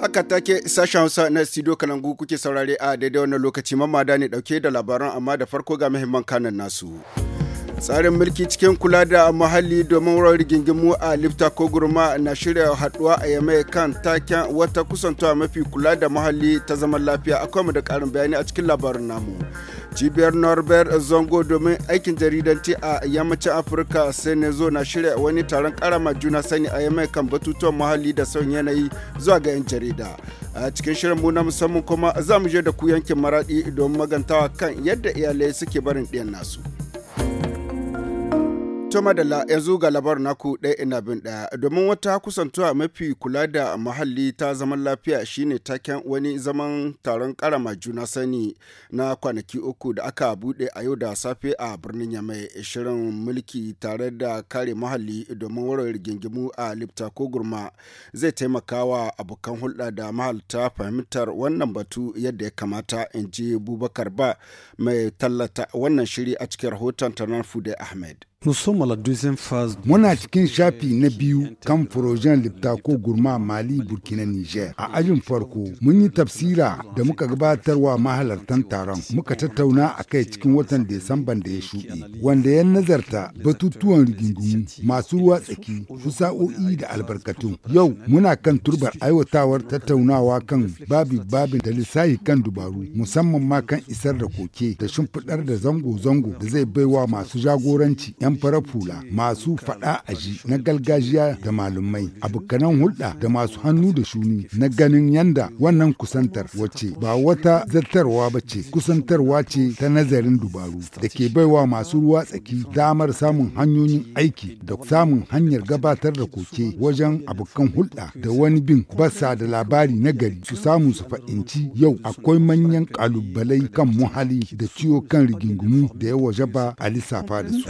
Haka take sashen Hausa na studio Kalangu kuke saurare a daidai wannan lokaci mamada ne dauke da labaran amma da farko ga muhimman kanan nasu. tsarin mulki cikin kula da muhalli domin wurin rigingimu a lifta ko gurma na shirya haduwa a yamai kan taken wata kusantawa mafi kula da muhalli ta zaman lafiya akwai mu da karin bayani a cikin labarin namu cibiyar norbert zongo domin aikin jaridanci a yammacin afirka senezo na shirya wani taron karama juna sani a yamai kan batutuwan muhalli da sauyin yanayi zuwa ga 'yan jarida a cikin shirin mu na musamman kuma za mu je da ku yankin maradi domin magantawa kan yadda iyalai suke barin ɗiyan nasu. To madalla yanzu ga labar naku ɗaya ina bin ɗaya domin wata kusantuwa mafi kula da muhalli ta zaman lafiya shine taken wani zaman taron karama juna sani na kwanaki uku da aka buɗe a yau da safe a birnin yamai shirin mulki tare da kare muhalli domin warware gingimu a lipta ko gurma zai taimaka wa abokan hulɗa da mahalta fahimtar wannan batu yadda ya kamata in ji bubakar ba mai tallata wannan shiri a cikin rahoton tanar fude ahmed. Muna cikin shafi na biyu kan furojen lipta ko gurma Mali Burkina Niger. A ajin farko mun yi tafsira da muka gabatar wa mahalartan taron muka tattauna a kai cikin watan Desamban da ya shuɗe wanda ya nazarta batutuwan rigingimu masu ruwa tsaki fusa'o'i da albarkatun. Yau muna kan turbar aiwatawar tattaunawa kan babi babin da lissafi kan dubaru musamman ma kan isar da koke da shimfiɗar da zango-zango da zai baiwa masu jagoranci 'yan fara hula masu faɗa ji na gargajiya da malumai abokanan hulɗa da masu hannu da shuni na ganin yanda wannan kusantar wace ba wata zartarwa ba ce kusantarwa ce ta nazarin dubaru da ke baiwa masu ruwa tsaki damar samun hanyoyin aiki da samun hanyar gabatar da koke wajen abokan hulɗa da wani bin basa da labari na gari su samu su fa'inci yau akwai manyan ƙalubalai kan muhali da ciwo kan rigingimu da ya waje ba a lissafa da su.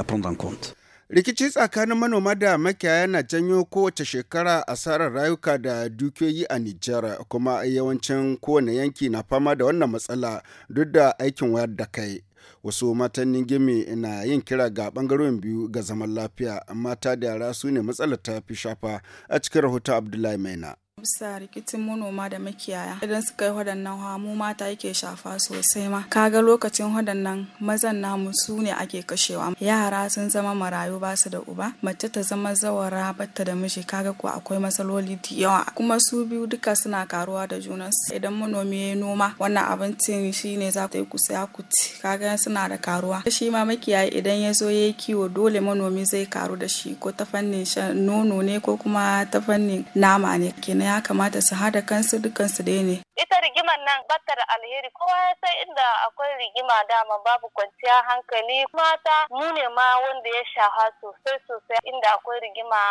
compte. rikici tsakanin manoma da makiyaya yana janyo kowace shekara asarar rayuka da dukiyoyi a Nijar kuma yawancin kowane yanki na fama da wannan matsala duk da aikin wayar da kai. Wasu matan gimi na yin kira ga bangarorin biyu ga zaman lafiya mata da yara su ne matsalar ta fi shafa a cikin rahoton Abdullahi Maina. bisa rikicin manoma da makiyaya idan suka yi waɗannan hamu mu mata yake shafa sosai ma kaga lokacin waɗannan mazan namu su ne ake kashewa yara sun zama marayu ba su da uba mace ta zama zawara batta da miji kaga ko akwai matsaloli da yawa kuma su biyu duka suna karuwa da juna idan manomi ya noma wannan abincin shine za ta yi kusa ku ci kaga suna da karuwa shi ma makiyaya idan ya zo ya yi kiwo dole manomi zai karu da shi ko ta fannin nono ne ko kuma ta fannin nama ne kenan ya kamata su hada kansu dukansu dai ne. Ita rigimar nan battar alheri kowa ya san inda akwai rigima dama babu kwanciya hankali mata mu ne ma wanda ya shaha sosai sosai inda akwai rigima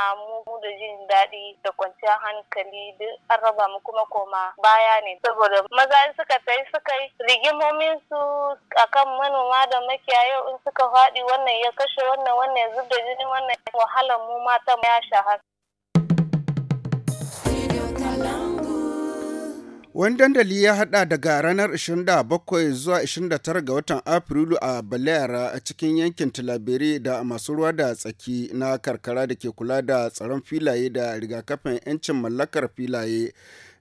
mu da jin daɗi da kwanciya hankali duk an raba mu kuma koma baya ne saboda maza in suka tayi suka yi rigimomin su akan manoma da makiyaya in suka faɗi wannan ya kashe wannan wannan ya zub da jini wannan wahalar mu mata ya shafa. Wani dandali ya haɗa daga ranar 27 zuwa 29 ga watan Afrilu a Balera a cikin yankin tilabiri da masu ruwa da tsaki na karkara da ke kula da tsaron filaye da rigakafin 'yancin mallakar filaye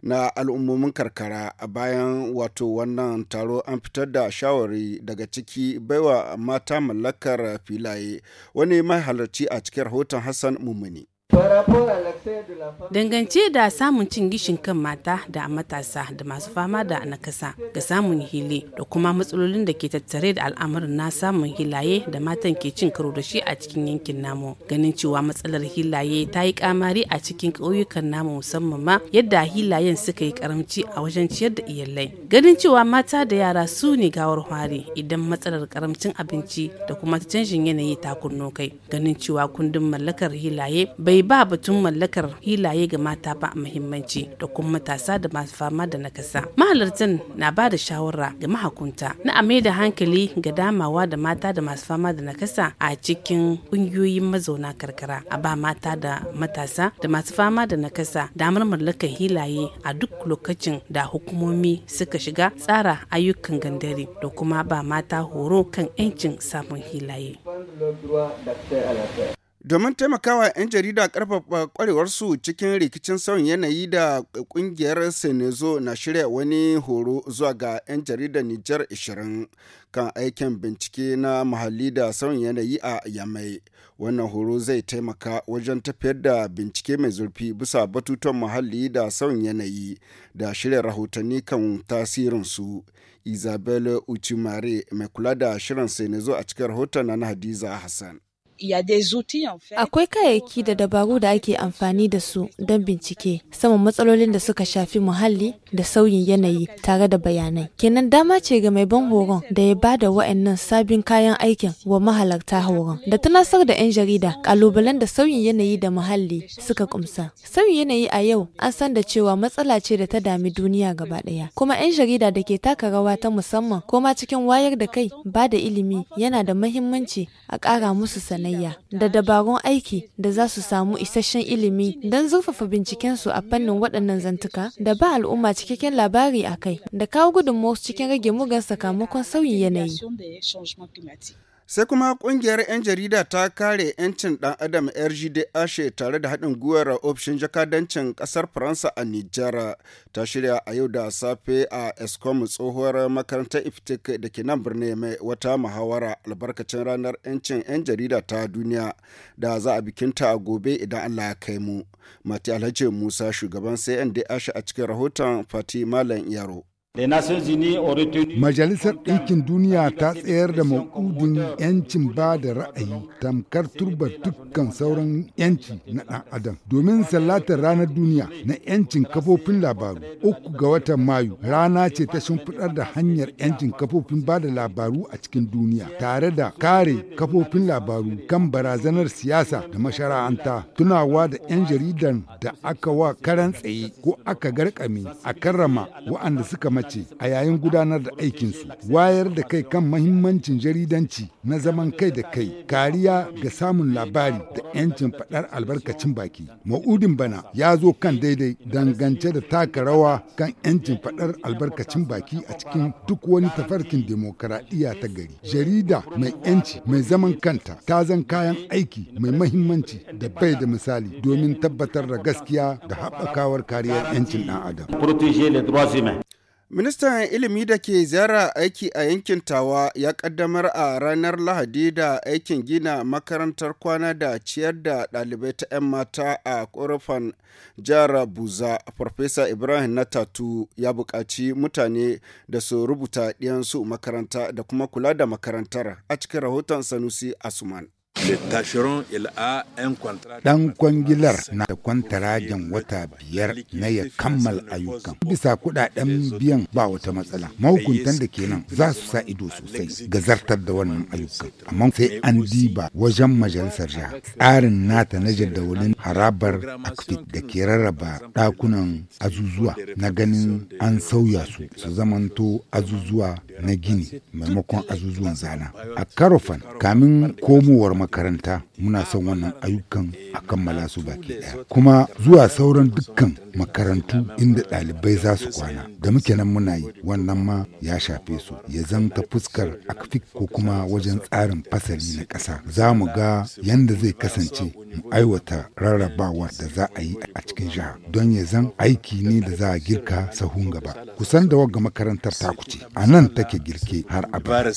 na al'ummomin karkara a bayan wato wannan taro an fitar da shawari daga ciki baiwa mata mallakar filaye wani mai halarci a cikin rahoton Hassan Mumuni. Dangance da samun cin gishin kan mata da matasa da masu fama da nakasa ga samun hili da kuma matsalolin da ke tattare da al'amarin na samun hilaye da matan ke cin karo da shi a cikin yankin namu. Ganin cewa matsalar hilaye ta yi kamari a cikin ƙauyukan namu musamman ma yadda hilayen suka yi karamci a wajen ciyar da iyalai. Ganin cewa mata da yara su ne gawar hwari idan matsalar karamcin abinci da kuma canjin yanayi ta kunno kai. Ganin cewa kundin mallakar hilaye bai bai ba batun mallakar hilaye ga mata ba muhimmanci da kuma matasa da masu fama da nakasa mahalartan na ba da shawara ga mahakunta na a da hankali ga damawa da mata da masu fama da nakasa a cikin kungiyoyin mazauna karkara a ba mata da matasa da masu fama da nakasa damar mallakar hilaye a duk lokacin da hukumomi suka shiga tsara ayyukan gandari da kuma ba mata horo kan 'yancin samun hilaye. domin taimakawa 'yan jarida karfafa kwarewarsu cikin rikicin sauyin yanayi da kungiyar senezo na shirya wani horo zuwa ga 'yan jarida nijar 20 kan aikin bincike na muhalli da sauyin yanayi a yamai wannan horo zai taimaka wajen tafiyar da bincike mai zurfi bisa batutan muhalli da sauyin yanayi da shirya rahotanni kan tasirinsu isabel uchimare mai kula da shirin senezo a cikin rahoton na hadiza hassan Akwai kayayyaki da euh, dabaru da ake amfani da su don bincike saman matsalolin da suka shafi muhalli da sauyin yanayi tare da bayanai. Kenan dama ce ga mai ban horon da ya ba da wa'annan sabbin kayan aikin wa mahalarta horon. Da tunasar da 'yan jarida kalubalen da sauyin yanayi da muhalli suka kumsa. Sauyin yanayi a yau an san da cewa matsala ce da ta dami duniya gaba ɗaya. Kuma 'yan jarida da ke taka rawa ta musamman ko ma cikin wayar da kai ba da ilimi yana da mahimmanci a ƙara musu sana'a. sanayya da dabarun aiki da za su samu isasshen ilimi don zurfafa bincikensu a fannin waɗannan zantuka da ba al'umma cikakken labari a kai da kawo gudunmawarsu cikin rage mugan sakamakon sauyin yanayi. Sai kuma kungiyar 'yan jarida ta kare 'yancin ɗan adam Ashe tare da haɗin gwiwar ofishin jakadancin ƙasar Faransa a Nijar ta shirya a yau da safe a Escom tsohuwar makarantar Iftik da ke nan birni mai wata muhawara albarkacin ranar 'yancin 'yan jarida ta duniya da za a bikinta a gobe idan Allah ya kai mu. Mati Alhaji Musa shugaban Ashe a cikin rahoton Fati Malam Yaro. Majalisar Ɗinkin Duniya ta tsayar da maƙudin 'yancin ba da ra'ayi tamkar turba dukkan sauran 'yanci na ɗan adam domin sallatar ranar duniya na 'yancin kafofin labaru uku ga watan Mayu rana ce ta shimfiɗar da hanyar 'yancin kafofin ba da labaru a cikin duniya tare da kare kafofin labaru kan barazanar siyasa da mashara'anta tunawa da 'yan jaridan da aka wa karan tsaye ko aka garkame a karrama waɗanda suka a yayin gudanar da aikinsu wayar da kai kan mahimmancin jaridanci na zaman kai da kai kariya ga samun labari da 'yancin faɗar albarkacin baki ma'udin bana ya zo kan daidai dangance da taka rawa kan 'yancin faɗar albarkacin baki a cikin duk wani tafarkin demokaradiyya ta gari jarida mai 'yanci mai zaman kanta ta zan kayan aiki mai mahimmanci da bai da misali domin tabbatar da gaskiya da haɓakawar kariyar 'yancin ɗan adam. Ministan ilimi da ke ziyara aiki a yankin Tawa ya kaddamar a ranar Lahadi da aikin gina makarantar kwana da ciyar da ɗalibai ta 'yan mata a ƙorafan jihar Buza. Farfesa Ibrahim Natatu ya buƙaci mutane da su rubuta ɗiyansu makaranta da kuma kula da makarantar a cikin rahoton Sanusi Asuman. Dan kwangilar na da kwantarajen wata biyar na ya kammal ayyukan. Bisa kuɗaɗen biyan ba wata matsala. Mahukuntan da kenan za su sa ido sosai ga zartar da wannan ayyukan. Amma sai an diba wajen majalisar jiha tsarin nata na jadawalin harabar akfit da ke rarraba dakunan azuzuwa na ganin an sauya su su zamanto azuzuwa na gini maimakon azuzuwan zana. A karofan kamin komowar makaranta muna son wannan ayyukan a kammala su baki ɗaya. Kuma zuwa sauran dukkan makarantu inda ɗalibai za su kwana da muke nan muna yi wannan ma ya shafe su ya zanta fuskar akfik ko kuma wajen tsarin fasali na ƙasa. Za mu ga yadda zai kasance mu aiwata rarrabawa da za a yi a cikin jiha don ya zan aiki ne da za a girka sahun gaba. Kusan da wagga makarantar ta kuce a nan take girke har abada.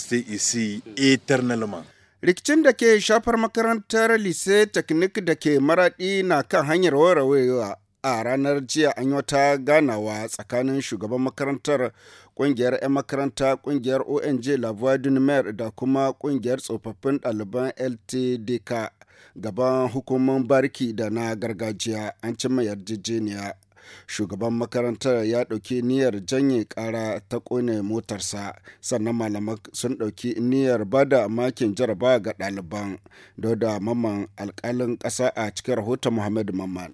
rikicin da ke shafar makarantar lise teknik da ke maraɗi na kan hanyar warawewa a ranar jiya an yi wata ganawa tsakanin shugaban makarantar kungiyar 'yan makaranta kungiyar ong lavoie da kuma kungiyar tsofaffin ɗaliban ltdk gaban hukumar barki da na gargajiya an cimma yarjejeniya shugaban makarantar ya ɗauki niyyar janye ƙara ta ƙone motarsa sannan malaman sun ɗauki niyyar bada makin jaraba ga ɗaliban da mamman alƙalin ƙasa a cikin rahoton muhammadu mamman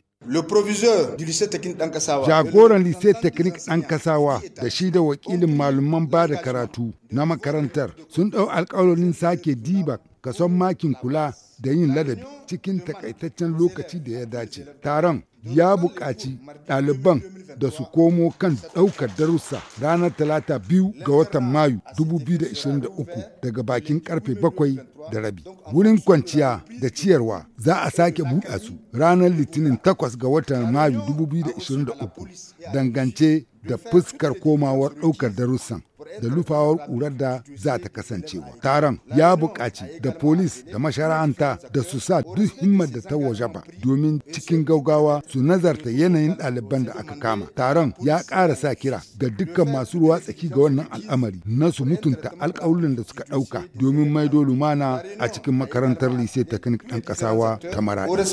Jagoran lycée technique ɗan kasawa da shi da wakilin malaman ba da karatu na makarantar sun ɗau alkawarin sake diba kason makin kula da yin ladabi cikin takaitaccen lokaci da ya dace. Taron ya buƙaci ɗaliban da su komo kan ɗaukar darussa ranar talata biyu ga watan mayu 2023 daga bakin karfe bakwai da rabi wurin kwanciya da ciyarwa za a sake buɗa su ranar litinin 8 ga watan mayu 2023 dangance da fuskar komawar ɗaukar darussan da lufawar ƙurar da za ta kasancewa. Taron ya buƙaci da polis da mashara'anta da su sa duk himmar da ta waje ba domin cikin gaugawa su nazarta yanayin ɗaliban da aka kama. Taron ya ƙara sa kira ga dukkan masu ruwa tsaki ga wannan al'amari na su mutunta alƙawulin da suka ɗauka domin maido lumana a cikin makarantar lise teknik ɗan ƙasawa ta maradi.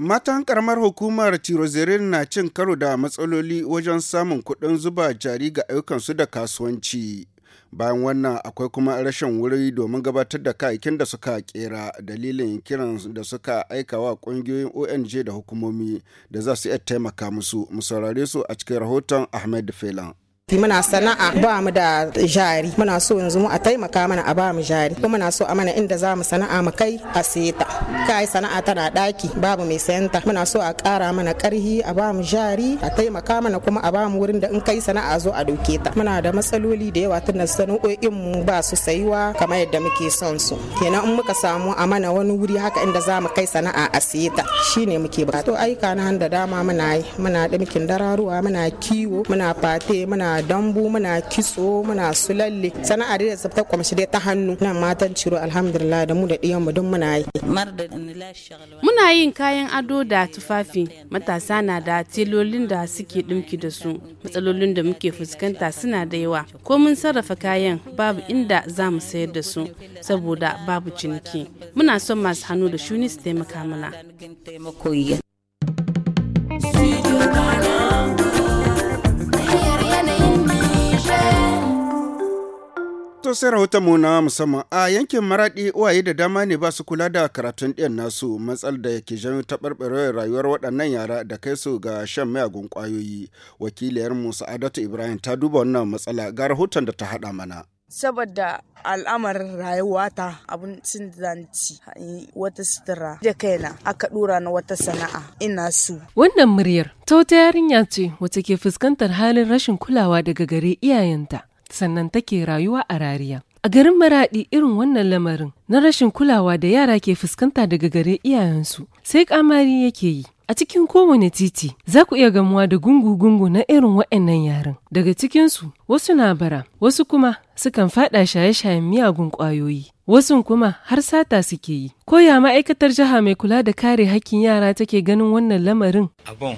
Matan karamar hukumar Tirozerin na cin karo da matsaloli wajen samun kuɗin zuba jari ga ayyukansu da kasuwanci. Bayan wannan akwai kuma rashin wuri domin gabatar da kayakin da suka kera dalilin kiran da suka aika wa ƙungiyoyin ONG da hukumomi da za su iya taimaka musu. Mu saurare su a cikin rahoton Ahmed Felan. muna sana'a ba mu da jari muna so yanzu mu a taimaka mana a ba mu jari kuma muna so a mana inda za mu sana'a mu kai a seta kai sana'a tana daki babu mai sayanta muna so a kara mana karhi a ba mu jari a taimaka mana kuma a ba mu wurin da in kai sana'a zo a doke ta muna da matsaloli da yawa tunda sana'o'in mu ba su sayuwa kamar yadda muke son su kenan in muka samu a mana wani wuri haka inda za mu kai sana'a a seta shine muke bukata to aika na handa dama muna yi muna dimkin dararuwa muna kiwo muna fate muna dambu muna kitso muna su lalle sana'a da ta kwamshi dai ta hannu nan matan ciro alhamdulillah da mu da ɗiyan mu duk muna yi muna yin kayan ado da tufafi matasa na da tilolin da suke ɗinki da su matsalolin da muke fuskanta suna da yawa ko mun sarrafa kayan babu inda za mu sayar da su saboda babu ciniki muna son masu hannu da shuni su taimaka mana farko sai rahoton mu na musamman a yankin maradi uwaye da dama ne ba su kula da karatun ɗiyan nasu matsal da ke janyo taɓarɓarewar rayuwar waɗannan yara da kai su ga shan mayagun ƙwayoyi wakiliyar mu sa'adatu ibrahim ta duba wannan matsala ga rahoton da ta haɗa mana saboda al'amarin rayuwata abun sun zanci wata sutura da kaina aka dora na wata sana'a ina su. Wannan muryar ta wata yarinya ce wacce ke fuskantar halin rashin kulawa daga gare iyayenta sannan take rayuwa a rariya. A garin Maraɗi irin wannan lamarin na rashin kulawa da yara ke fuskanta daga gare iyayensu sai kamari yake yi. A cikin kowane titi za ku iya gamuwa da gungu-gungu na irin waɗannan yaran. Daga cikinsu wasu na bara, wasu kuma sukan faɗa shaye-shayen miyagun ƙwayoyi. wasu kuma har sata suke yi. Koya ma'aikatar jiha mai kula da kare hakkin yara take ganin wannan lamarin. Abin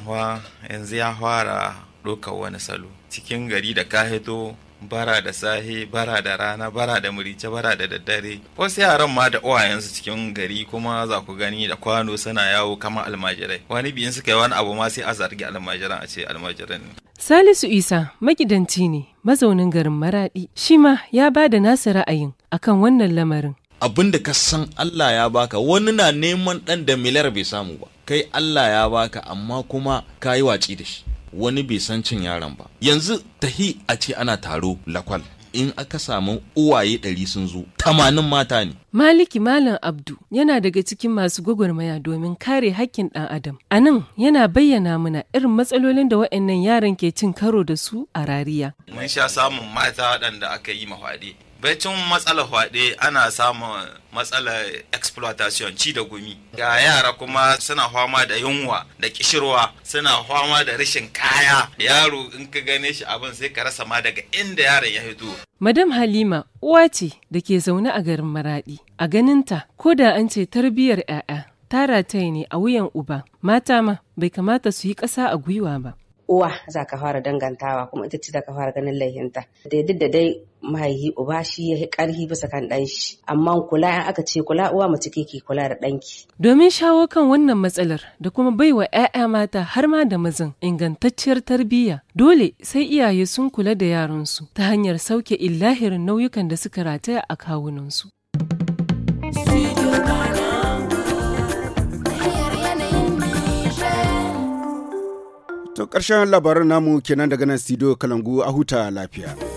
yanzu ya fara ɗaukar wani salo. Cikin gari da ka hito bara da sahe bara da rana bara da murice bara da daddare wasu yaran ma da uwayensu cikin gari kuma za ku gani da kwano suna yawo kama almajirai wani biyun suka yi wani abu ma sai a zargi almajiran a ce almajiran ne Salisu Isa magidanci ne mazaunin garin Maradi shi ma ya ba da nasa ra'ayin akan wannan lamarin abin da ka san Allah ya baka wani na neman ɗan da miliyar bai samu ba kai Allah ya baka amma kuma ka yi watsi da shi wani bai san cin yaran ba yanzu tahi a ce ana taro lakwal in aka samu uwaye ɗari sun zo tamanin mata ne. Maliki Malam Abdu yana daga cikin masu gwagwarmaya domin kare hakkin ɗan adam. A nan yana bayyana mana irin matsalolin da waɗannan yaran ke cin karo da su a rariya. Mun sha samun mata waɗanda aka yi mahaɗe baicin matsala hwaɗe ana samun matsalar exploitation ci da gumi ga yara kuma suna fama da yunwa da kishirwa suna fama da rashin kaya yaro in ka gane shi abin sai ka rasa ma daga inda yaron ya hito madam halima uwa ce da ke zaune a garin Maraɗi, a ganinta ko da an ce tarbiyyar 'ya'ya tara ta ne a wuyan uba mata ma bai kamata su yi ƙasa a gwiwa ba uwa za ka fara dangantawa kuma ita ce za ka fara ganin laihinta da duk da dai mahaihi uba shi ya yi karhi bisa kan ɗan shi amma kula in aka ce kula uwa mace ke ke kula da ɗanki. domin shawo kan wannan matsalar da kuma bai wa 'ya'ya mata har ma da mazan ingantacciyar tarbiyya dole sai iyaye sun kula da yaransu ta hanyar sauke illahirin nauyukan da suka rataya a kawunansu. To ƙarshen labaran namu kenan daga nan studio Kalangu a huta lafiya.